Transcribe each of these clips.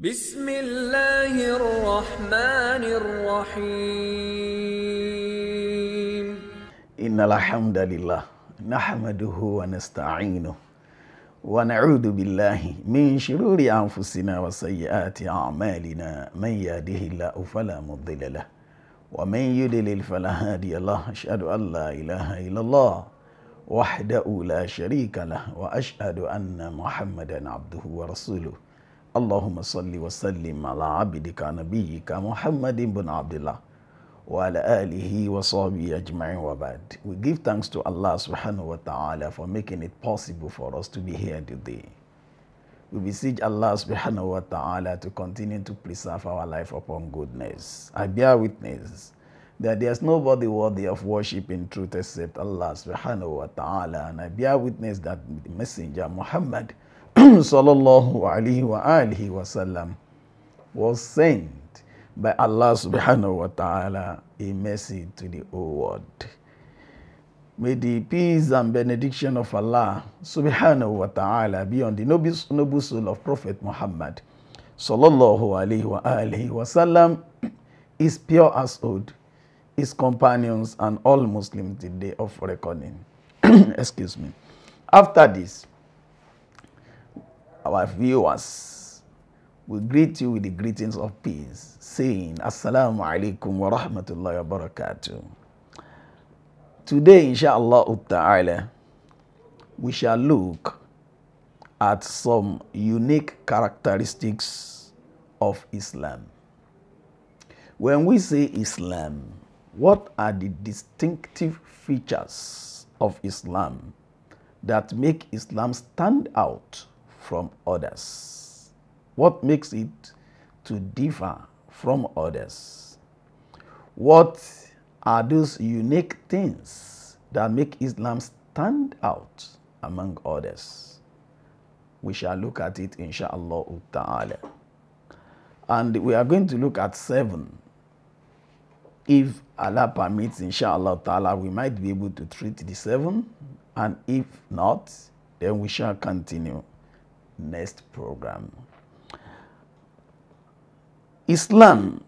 بسم الله الرحمن الرحيم إن الحمد لله نحمده ونستعينه ونعوذ بالله من شرور أنفسنا وسيئات أعمالنا من يهده الله فلا مضل له ومن يدلل فلا هادي له أشهد أن لا إله إلا الله وحده لا شريك له وأشهد أن محمدا عبده ورسوله اللهم صل وسلم على عبدك نبيك محمد بن عبد الله وعلى آله وصحبه أجمعين وبعد We give thanks to Allah subhanahu wa ta'ala for making it possible for us to be here today. We beseech Allah subhanahu wa ta'ala to continue to preserve our life upon goodness. I bear witness that there is nobody worthy of worship in truth except Allah subhanahu wa ta'ala and I bear witness that the messenger Muhammad sallallahu alaihi wa alihi wasallam was sent by Allah subhanahu wa ta'ala a mercy to the whole world. May the peace and benediction of Allah subhanahu wa ta'ala be on the noble, noble soul of Prophet Muhammad sallallahu alaihi wa alihi wasallam, his pure household, his companions and all Muslims the day of reckoning. Excuse me. After this, our viewers, we greet you with the greetings of peace, saying, Assalamu alaikum wa rahmatullahi wa barakatuh. Today, inshallah ta'ala, we shall look at some unique characteristics of Islam. When we say Islam, what are the distinctive features of Islam that make Islam stand out from others? What makes it to differ from others? What are those unique things that make Islam stand out among others? We shall look at it insha'Allah ta'ala. And we are going to look at seven. If Allah permits, insha'Allah ta'ala, we might be able to treat the seven. And if not, then we shall continue next program. Islam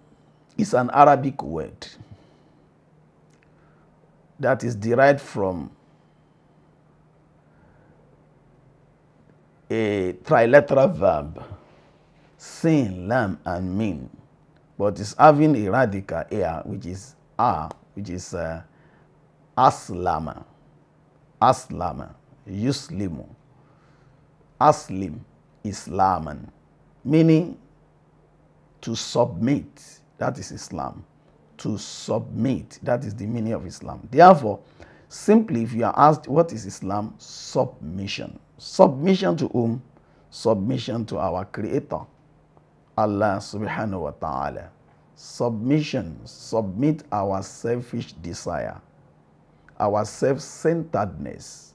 is an Arabic word that is derived from a trilateral verb, sin, lam, and min, but it's having a radical air, which is a, which is uh, aslama, aslama, yuslimu. Aslim Islaman, meaning to submit. That is Islam. To submit. That is the meaning of Islam. Therefore, simply if you are asked what is Islam, submission. Submission to whom? Submission to our Creator, Allah subhanahu wa ta'ala. Submission, submit our selfish desire, our self centeredness,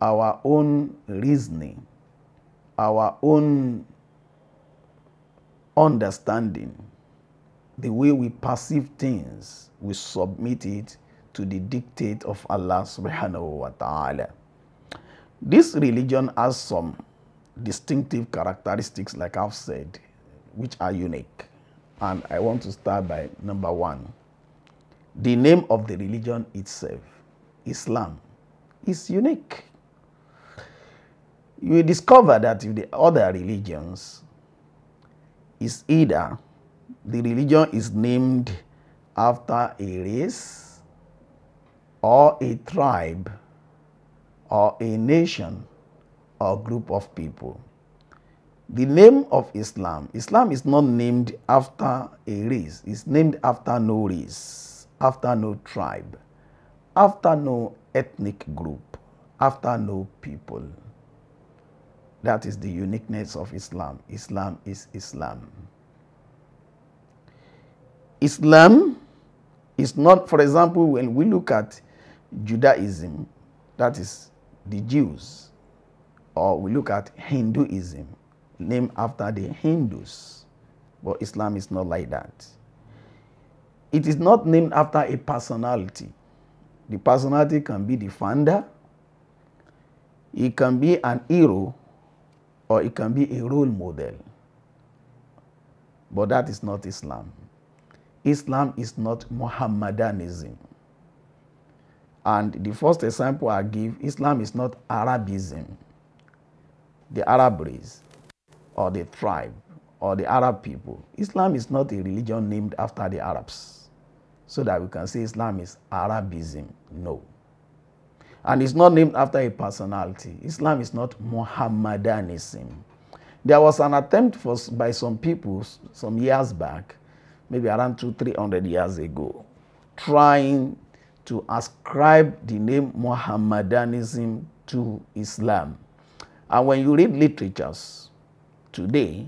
our own reasoning our own understanding, the way we perceive things, we submit it to the dictate of Allah subhanahu wa ta'ala. This religion has some distinctive characteristics, like I've said, which are unique. And I want to start by number one. The name of the religion itself, Islam, is unique you will discover that if the other religions is either the religion is named after a race or a tribe or a nation or group of people. The name of Islam, Islam is not named after a race, it's named after no race, after no tribe, after no ethnic group, after no people. That is the uniqueness of Islam. Islam is Islam. Islam is not, for example, when we look at Judaism, that is the Jews, or we look at Hinduism, named after the Hindus. But Islam is not like that. It is not named after a personality. The personality can be the founder, it can be an hero, or it can be a role model. But that is not Islam. Islam is not Mohammedanism. And the first example I give, Islam is not Arabism, the Arab race, or the tribe, or the Arab people. Islam is not a religion named after the Arabs, so that we can say Islam is Arabism. No. and it's not named after a personality. Islam is not Mohammedanism. There was an attempt for, by some people some years back, maybe around two, three hundred years ago, trying to ascribe the name Mohammedanism to Islam. And when you read literatures today,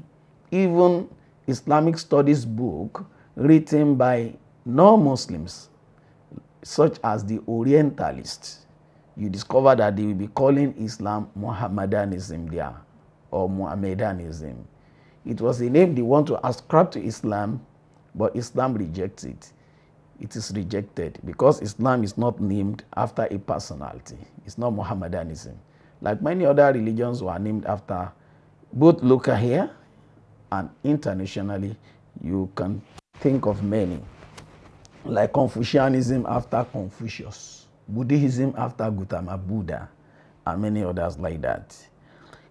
even Islamic studies book written by non-Muslims, such as the Orientalists, you discover that they will be calling Islam Muhammadanism there or Muhammadanism. It was a name they want to ascribe to Islam, but Islam rejects it. It is rejected because Islam is not named after a personality. It's not Muhammadanism. Like many other religions were named after both local here and internationally, you can think of many. Like Confucianism after Confucius. Buddhism after Gautama Buddha, and many others like that.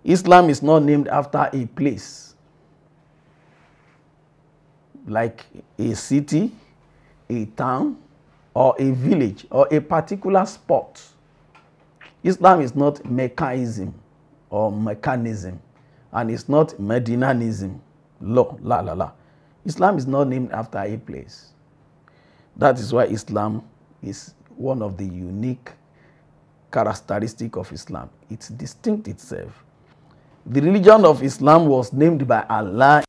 Islam is not named after a place, like a city, a town, or a village, or a particular spot. Islam is not Meccanism or mechanism, and it's not Medinanism. Law, la, la, la. Islam is not named after a place. That is why Islam is one of the unique characteristic of Islam. It's distinct itself. The religion of Islam was named by Allah,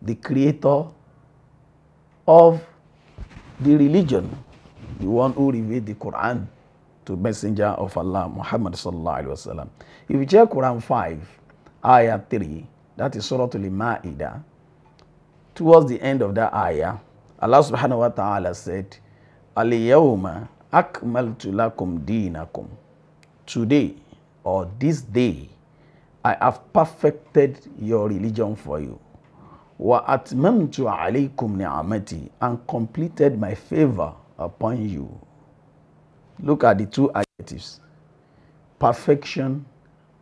the creator of the religion, the one who revealed the Quran to messenger of Allah, Muhammad sallallahu alaihi wasallam. If you check Quran 5, ayah 3, that is Surah Al-Ma'idah, towards the end of that ayah, Allah subhanahu wa ta'ala said, Al-yawma akmaltu lakum dinakum. Today or this day, I have perfected your religion for you. Wa atmamtu alaykum ni'amati and completed my favor upon you. Look at the two adjectives. Perfection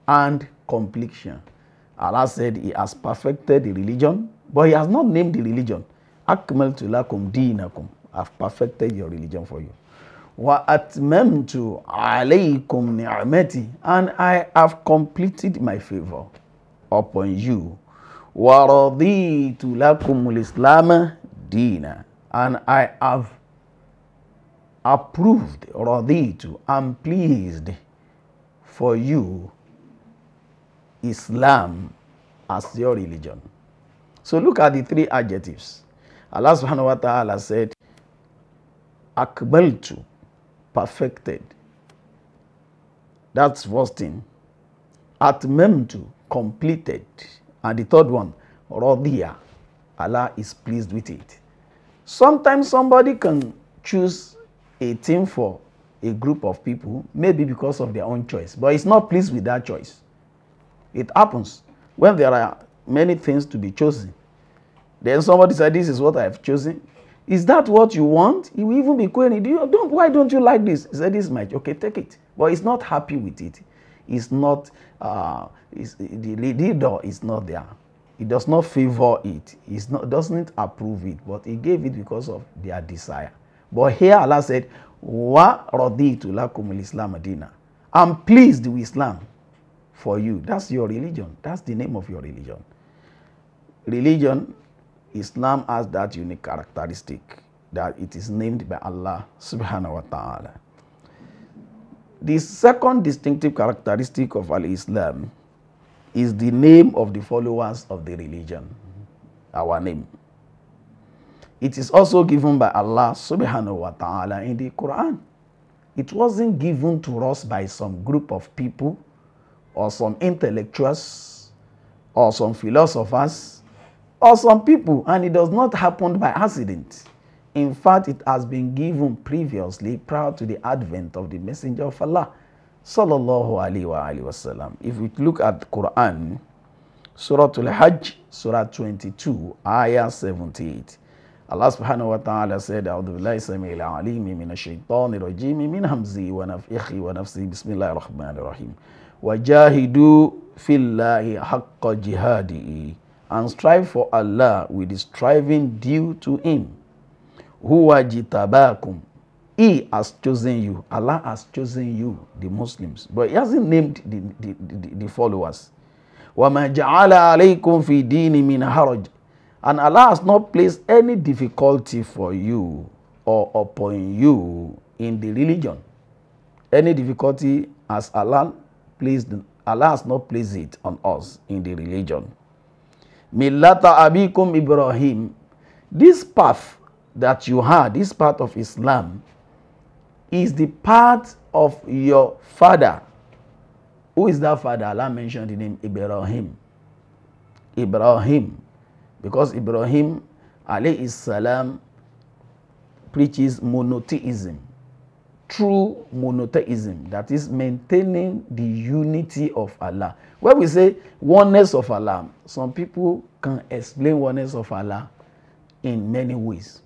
and completion. Allah said he has perfected the religion, but he has not named the religion. Akmaltu lakum dinakum. I've perfected your religion for you. Wa atmamtu alaykum ni'mati and I have completed my favor upon you. Wa raditu lakum al-islam dina and I have approved raditu am pleased for you Islam as your religion. So look at the three adjectives. Allah subhanahu wa ta'ala said, akmaltu, perfected. That's first thing. Atmemtu, completed. And the third one, Rodhiya, Allah is pleased with it. Sometimes somebody can choose a thing for a group of people, maybe because of their own choice, but it's not pleased with that choice. It happens when there are many things to be chosen. Then somebody said, This is what I have chosen. Is that what you want? He will even be querying, Do you, don't, why don't you like this? He said, this is my, okay, take it. But he's not happy with it. He's not, uh, he's, the leader is not there. He does not favor it. He doesn't approve it, but he gave it because of their desire. But here Allah said, Wa raditu lakum islam adina. I'm pleased with Islam for you. That's your religion. That's the name of your religion. Religion Islam has that unique characteristic that it is named by Allah subhanahu wa ta'ala. The second distinctive characteristic of Al-Islam is the name of the followers of the religion, our name. It is also given by Allah subhanahu wa ta'ala in the Quran. It wasn't given to us by some group of people or some intellectuals or some philosophers or some people, and it does not happen by accident. In fact, it has been given previously prior to the advent of the Messenger of Allah. Sallallahu Alaihi Wasallam. If we look at the Quran, Surah Al-Hajj, Surah 22, Ayah 78. Allah subhanahu wa ta'ala said, أعوذ بالله السميع العليم من الشيطان الرجيم من همزي ونفخي ونفسي بسم الله rahmanir Rahim. وجاهدوا في الله حق jihadii." and strive for Allah with the striving due to Him. Huwa He has chosen you. Allah has chosen you, the Muslims. But He hasn't named the, the, the, the followers. وَمَا جَعَلَ عَلَيْكُمْ fi دِينِ مِنْ haraj, And Allah has not placed any difficulty for you or upon you in the religion. Any difficulty as Allah placed, Allah has not placed it on us in the religion. Millata abikum Ibrahim. This path that you had, this path of Islam, is the path of your father. Who is that father? Allah mentioned the name Ibrahim. Ibrahim. Because Ibrahim, alayhi salam, preaches monotheism. true monotheism, that is maintaining the unity of Allah. When we say oneness of Allah, some people can explain oneness of Allah in many ways.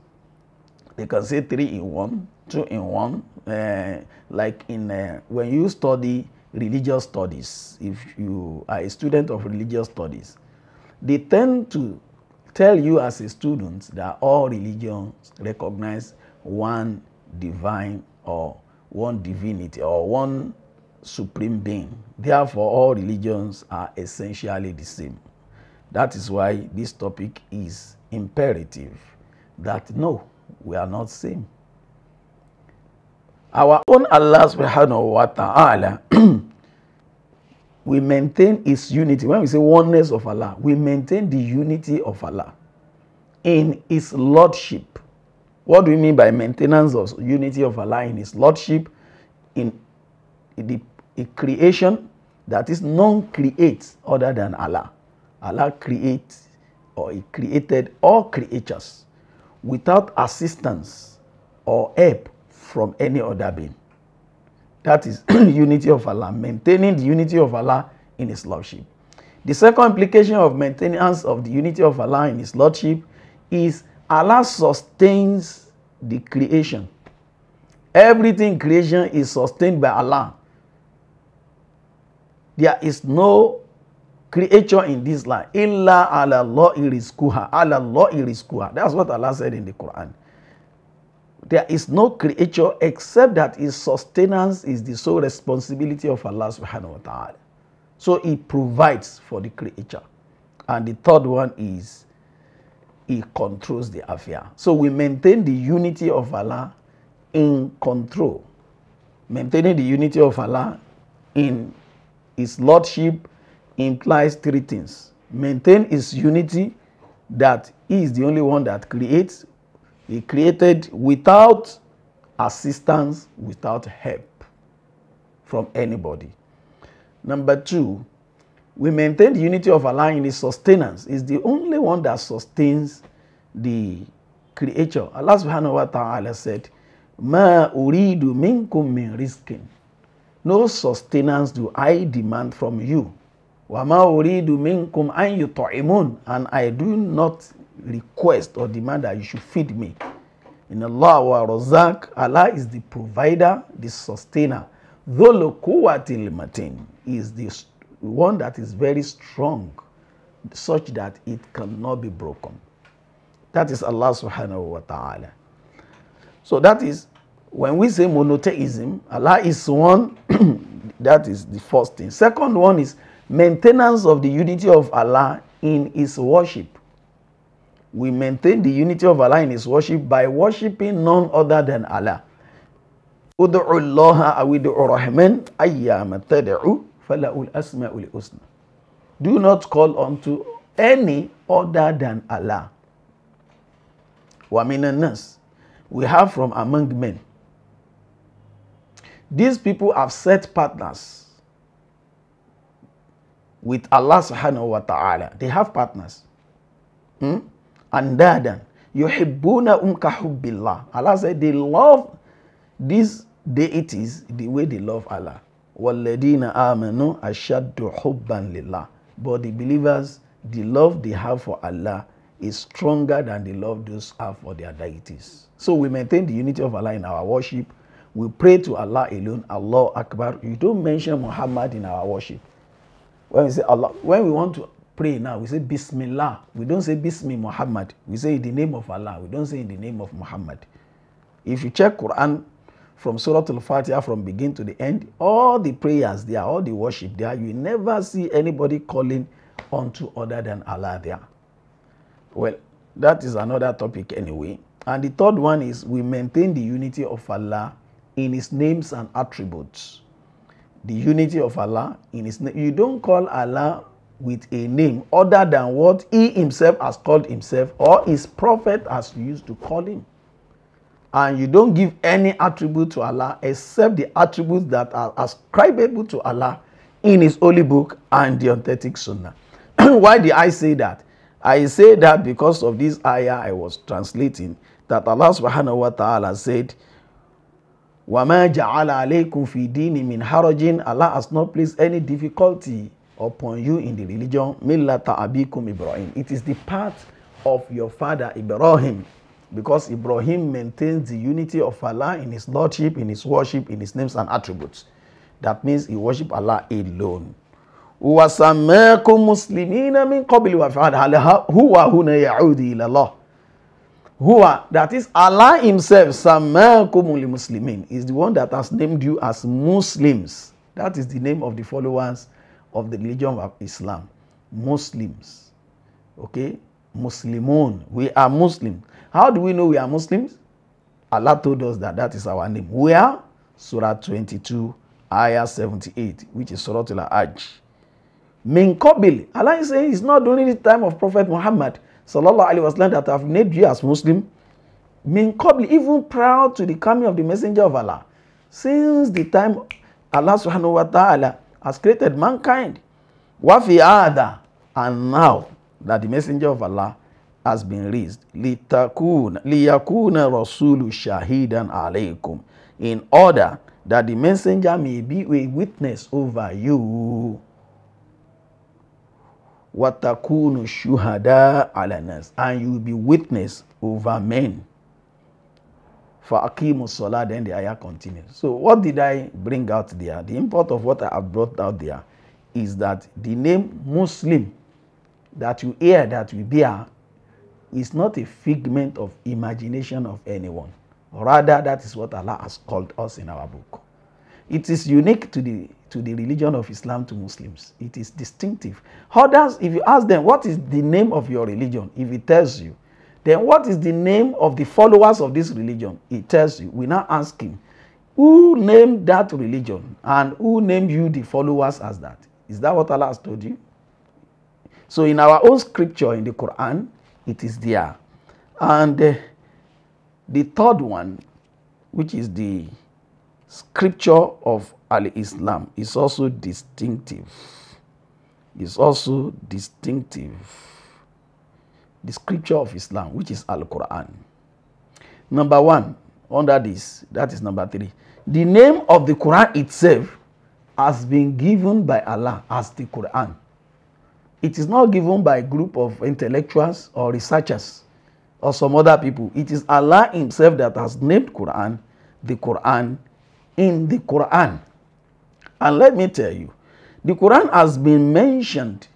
They can say three in one, two in one, uh, like in uh, when you study religious studies, if you are a student of religious studies, they tend to tell you as a student that all religions recognize one divine or one divinity or one supreme being. Therefore, all religions are essentially the same. That is why this topic is imperative that no, we are not same. Our own Allah subhanahu wa ta'ala, we maintain His unity. When we say oneness of Allah, we maintain the unity of Allah in His Lordship What do we mean by maintenance of unity of Allah in His Lordship, in, the in creation that is non-create other than Allah? Allah creates or He created all creatures without assistance or help from any other being. That is unity of Allah, maintaining the unity of Allah in His Lordship. The second implication of maintenance of the unity of Allah in His Lordship is Allah sustains the creation. Everything creation is sustained by Allah. There is no creature in this life. Illa ala Allah irizkuha. Ala Allah irizkuha. That's what Allah said in the Quran. There is no creature except that its sustenance is the sole responsibility of Allah subhanahu wa ta'ala. So he provides for the creature. And the third one is he controls the affair. So we maintain the unity of Allah in control. Maintaining the unity of Allah in His Lordship implies three things. Maintain His unity that He is the only one that creates. He created without assistance, without help from anybody. Number two, we maintain the unity of Allah in His sustenance. He's the only one that sustains the creature. Allah subhanahu wa ta'ala said, Ma uridu minkum min riskin. No sustenance do I demand from you. Wa ma uridu minkum an yut'imun. And I do not request or demand that you should feed me. In Allah wa razak, Allah is the provider, the sustainer. Dhul quwwatil matin is the one that is very strong, such that it cannot be broken. That is Allah subhanahu wa ta'ala. So that is when we say monotheism, Allah is one, that is the first thing. Second one is maintenance of the unity of Allah in his worship. We maintain the unity of Allah in his worship by worshiping none other than Allah. falahul asmaul husna do not call unto any other than Allah wa minan nas we have from among men these people have set partners with Allah subhanahu wa ta'ala they have partners hmm? and dadan yuhibbuna umka hubbillah Allah said they love these deities the way they love Allah وَالَّذِينَ آمَنُوا أَشَدُّ حُبًّا لِلَّهِ But the believers, the love they have for Allah is stronger than the love those have for their deities. So we maintain the unity of Allah in our worship. We pray to Allah alone, Allah Akbar. You don't mention Muhammad in our worship. When we say Allah, when we want to pray now, we say Bismillah. We don't say Bismi Muhammad. We say in the name of Allah. We don't say in the name of Muhammad. If you check Quran, from Surah al Fatiha from begin to the end, all the prayers there, all the worship there, you never see anybody calling unto other than Allah there. Well, that is another topic anyway. And the third one is we maintain the unity of Allah in His names and attributes. The unity of Allah in His name. You don't call Allah with a name other than what He Himself has called Himself or His prophet has used to call Him. and you don't give any attribute to Allah except the attributes that are ascribable to Allah in His holy book and the authentic Sunnah. Why did I say that? I say that because of this ayah I was translating that Allah subhanahu wa ta'ala said, وَمَا جَعَلَ عَلَيْكُمْ فِي دِينِ مِنْ حَرَجٍ Allah has not placed any difficulty upon you in the religion. مِلَّةَ أَبِيكُمْ Ibrahim. It is the path of your father Ibrahim because Ibrahim maintains the unity of Allah in his lordship, in his worship, in his names and attributes. That means he worship Allah alone. وَسَمَّاكُمْ مُسْلِمِينَ مِنْ قَبْلِ وَفَعَلَ هُوَ هُنَا يَعُودِ إِلَى اللَّهِ Huwa, that is Allah himself, سَمَّاكُمُ muslimin is the one that has named you as Muslims. That is the name of the followers of the religion of Islam. Muslims. Okay? Muslimun. We are Muslim. How do we know we are Muslims? Allah told us that that is our name. Where? Surah 22, Ayah 78, which is Surah Al-Hajj. Min Qabil. Allah is saying it's not during the time of Prophet Muhammad sallallahu alaihi wasallam that have made you as Muslim. Min Qabil, even proud to the coming of the messenger of Allah. Since the time Allah subhanahu wa ta'ala has created mankind. Wa fi and now that the messenger of Allah has been raised litakuna liyakuna rasulu shahidan alaykum in order that the messenger may be a witness over you watakunu shuhada alanas and you will be witness over men for akimu sola then the ayah continues so what did i bring out there the import of what i have brought out there is that the name muslim that you hear that we bear is not a figment of imagination of anyone. Rather, that is what Allah has called us in our book. It is unique to the, to the religion of Islam to Muslims. It is distinctive. Others, if you ask them, what is the name of your religion? If it tells you, then what is the name of the followers of this religion? It tells you. We now ask him, who named that religion and who named you the followers as that? Is that what Allah has told you? So in our own scripture in the Quran, it is there. And uh, the third one, which is the scripture of Al-Islam, is also distinctive. Is also distinctive. The scripture of Islam, which is Al-Quran. Number one, under this, that is number three. The name of the Quran itself has been given by Allah as the Quran. It is not given by a group of intellectuals or researchers or some other people. It is Allah himself that has named Quran, the Quran, in the Quran. And let me tell you, the Quran has been mentioned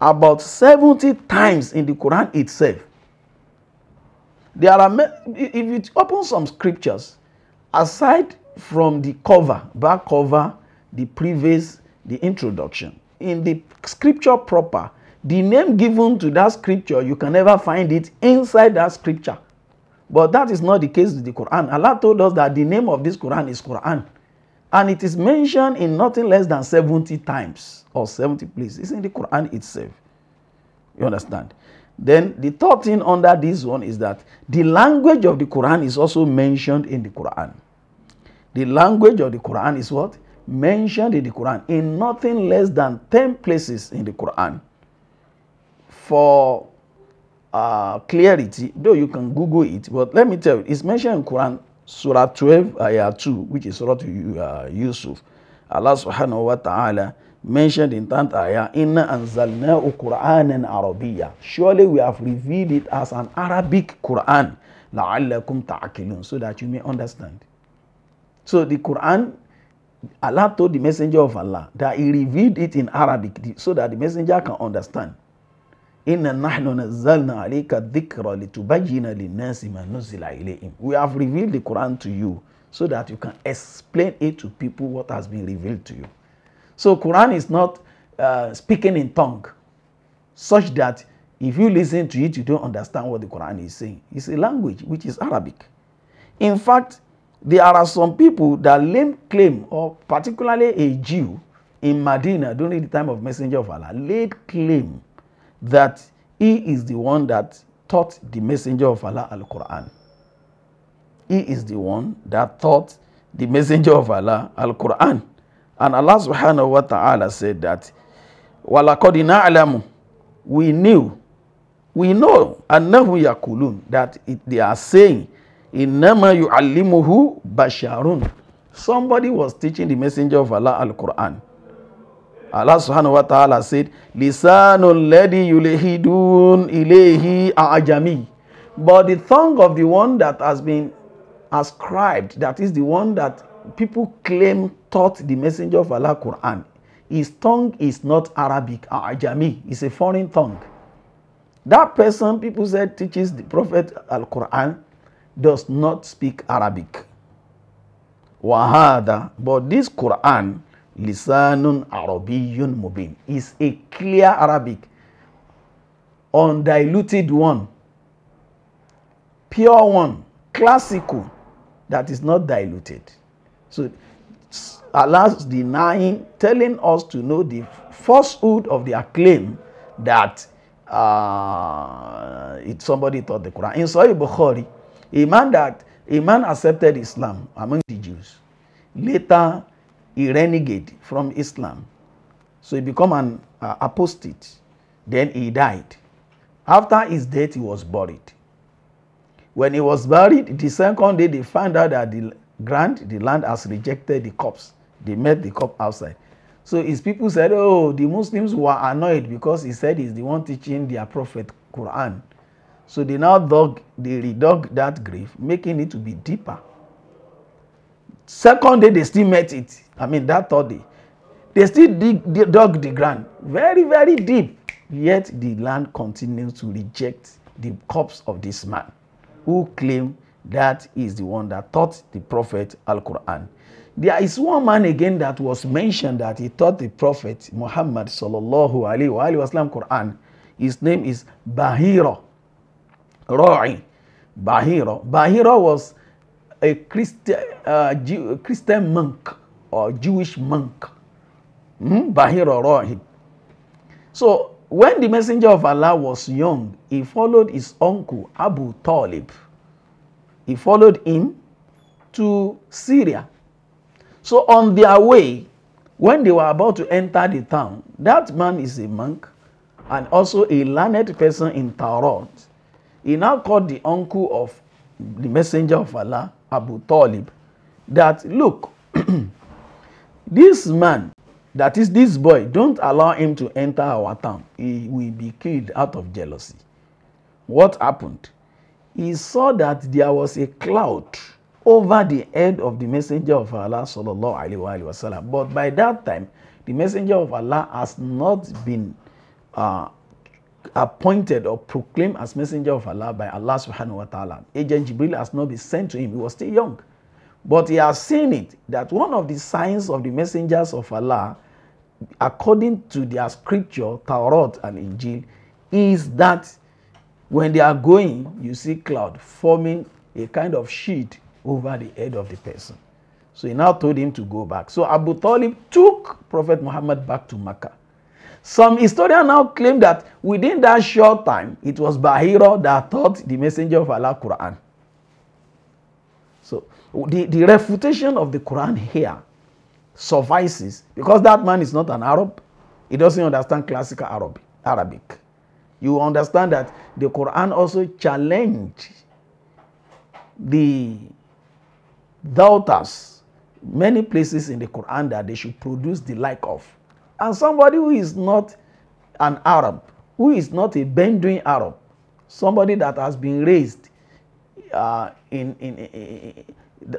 about 70 times in the Quran itself. There are, if you open some scriptures, aside from the cover, back cover, the previous, the introduction, in the scripture proper, the name given to that scripture, you can never find it inside that scripture. But that is not the case with the Quran. Allah told us that the name of this Quran is Quran. And it is mentioned in nothing less than 70 times or 70 places. It's in the Quran itself. You understand? Then the third thing under this one is that the language of the Quran is also mentioned in the Quran. The language of the Quran is what? Mentioned in the Quran in nothing less than 10 places in the Quran. for uh, clarity, though you can Google it, but let me tell you, it's mentioned in Quran, Surah 12, Ayah 2, which is Surah to uh, Yusuf. Allah subhanahu wa ta'ala mentioned in that ayah, Inna anzalna al-Quran Qur'anan Arabiya. Surely we have revealed it as an Arabic Quran. La'allakum ta'akilun, so that you may understand. So the Quran, Allah told the messenger of Allah that he revealed it in Arabic so that the messenger can understand inna nahnu nazzalna alayka dhikra litubayyina linnasi ma nuzila ilayhim we have revealed the Quran to you so that you can explain it to people what has been revealed to you so Quran is not uh, speaking in tongue such that if you listen to it you don't understand what the Quran is saying it's a language which is Arabic in fact there are some people that lame claim or particularly a Jew in Medina during the time of Messenger of Allah laid claim that he is the one that taught the messenger of Allah Al-Quran. He is the one that taught the messenger of Allah Al-Quran. And Allah subhanahu wa ta'ala said that, وَلَقَدْ نَعْلَمُ We knew, we know, أَنَّهُ يَقُولُونَ That it, they are saying, إِنَّمَا يُعَلِّمُهُ بَشَارٌ Somebody was teaching the messenger of Allah Al-Quran. Allah subhanahu wa ta'ala said, Lisanu ledi yulehidun ilehi ajami. But the tongue of the one that has been ascribed, that is the one that people claim taught the messenger of Allah Quran, his tongue is not Arabic, ajami. It's a foreign tongue. That person, people said, teaches the Prophet Al Quran, does not speak Arabic. Wahada. But this Quran, lisanun arabiyun mubin is a clear Arabic undiluted one pure one classical that is not diluted so Allah's denying telling us to know the falsehood of their claim that uh, it, somebody taught the Quran in Sahih Bukhari a man that a man accepted Islam among the Jews later he renegade from Islam. So he become an uh, apostate. Then he died. After his death, he was buried. When he was buried, the second day, they found out that the grant, the land has rejected the corpse. They met the corpse outside. So his people said, oh, the Muslims were annoyed because he said he's the one teaching their prophet Quran. So they now dug, they redug that grave, making it to be deeper. second day they still met it i mean that third day they still dig, dig dug the ground very very deep yet the land continues to reject the corpse of this man who claim that is the one that taught the prophet al-quran there is one man again that was mentioned that he taught the prophet muhammad sallallahu alaihi wasallam quran his name is bahira ra'i bahira bahira was a Christian, uh, Jew, Christian monk or Jewish monk. Mm? So when the messenger of Allah was young, he followed his uncle Abu Talib. He followed him to Syria. So on their way, when they were about to enter the town, that man is a monk and also a learned person in Tarot. He now called the uncle of the messenger of Allah Abu Talib that look this man that is this boy don't allow him to enter our town he will be killed out of jealousy what happened he saw that there was a cloud over the head of the messenger of Allah sallallahu alaihi wa wasallam but by that time the messenger of Allah has not been uh, appointed or proclaimed as messenger of Allah by Allah subhanahu wa ta'ala. Agent Jibril has not been sent to him. He was still young. But he has seen it that one of the signs of the messengers of Allah, according to their scripture, Taurat and Injil, is that when they are going, you see cloud forming a kind of sheet over the head of the person. So he now told him to go back. So Abu Talib took Prophet Muhammad back to Mecca. Some historians now claim that within that short time, it was Bahira that taught the messenger of Allah Quran. So the, the refutation of the Quran here suffices because that man is not an Arab. He doesn't understand classical Arabic. Arabic. You understand that the Quran also challenged the doubters many places in the Quran that they should produce the like of. And somebody who is not an Arab, who is not a Bedouin Arab, somebody that has been raised uh, in, in, in,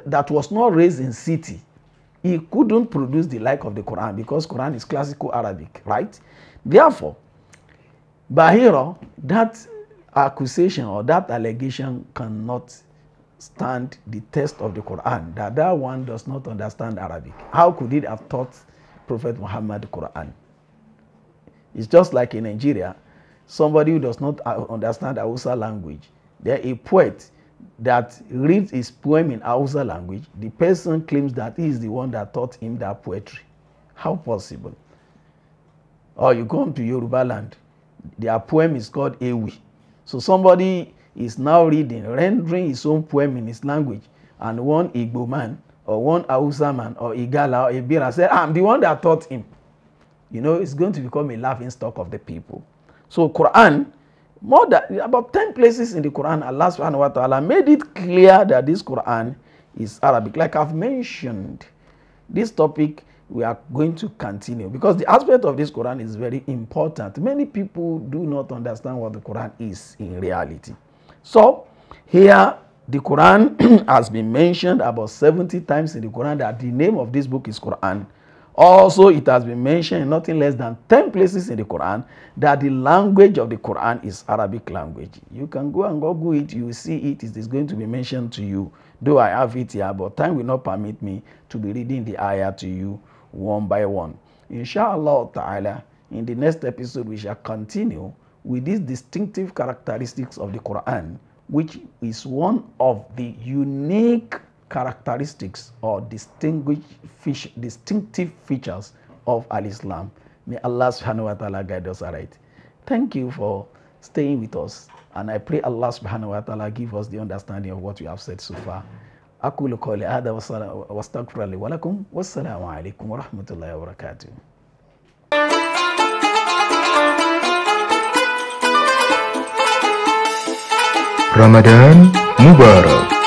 that was not raised in city, he couldn't produce the like of the Quran because Quran is classical Arabic, right? Therefore, Bahira, that accusation or that allegation cannot stand the test of the Quran, that that one does not understand Arabic. How could it have taught Prophet Muhammad Quran. It's just like in Nigeria, somebody who does not uh, understand Hausa language, there a poet that reads his poem in Hausa language, the person claims that he is the one that taught him that poetry. How possible? Or you come to Yoruba land, their poem is called Ewi. So somebody is now reading, rendering his own poem in his language, and one Igbo man or one man, or Igala or Ibira said, I'm the one that taught him. You know, it's going to become a laughing stock of the people. So Quran, more than about 10 places in the Quran, Allah subhanahu wa ta'ala made it clear that this Quran is Arabic. Like I've mentioned, this topic we are going to continue because the aspect of this Quran is very important. Many people do not understand what the Quran is in reality. So here the Quran has been mentioned about 70 times in the Quran that the name of this book is Quran. Also, it has been mentioned in nothing less than 10 places in the Quran that the language of the Quran is Arabic language. You can go and Google it, you will see it. It is going to be mentioned to you. Though I have it here, but time will not permit me to be reading the ayah to you one by one. Inshallah ta'ala, in the next episode, we shall continue with these distinctive characteristics of the Quran which is one of the unique characteristics or distinctive features of al-Islam. May Allah subhanahu wa ta'ala guide us aright. Thank you for staying with us. And I pray Allah subhanahu wa ta'ala give us the understanding of what we have said so far. أقول قولي هذا واستغفر لي ولكم والسلام عليكم ورحمة الله وبركاته Ramadan Mubarak